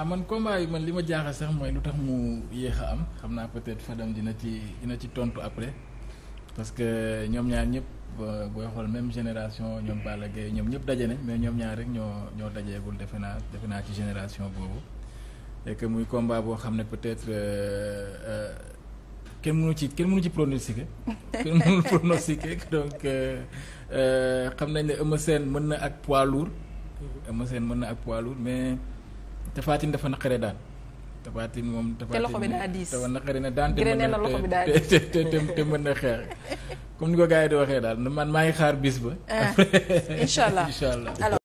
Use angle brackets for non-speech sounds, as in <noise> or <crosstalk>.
ah man combat yi man li ma jaaxal sax mooy lu tax mu yéex a am xam naa peut-être Fadam dina ci dina ci tontu après parce que ñoom ñaar ñëpp euh, boo xool même génération ñoom Balla ñoom ñëpp daje ne mais ñoom ñaar rek ñoo ñoo dajeegul defe naa defe naa ci génération boobu et muy combat boo xam ne peut-être euh, euh, kenn mënu ci kenn mënu ci pronostiquer <laughs> kenn mënu pronostiquer donc xam nañ ne Eumeu Sène mën na ak poids lourd mhm. Eumeu mën na ak poids lourd mais. Tapha dafa naqaree daal Tapha Tine moom Tapha Tine te loxo diis te naqari na daan te mën na te te te mën na xeex comme ni ko gars yi di waxee daal man maa ngi xaar bis ba. Eh, incha allah <laughs>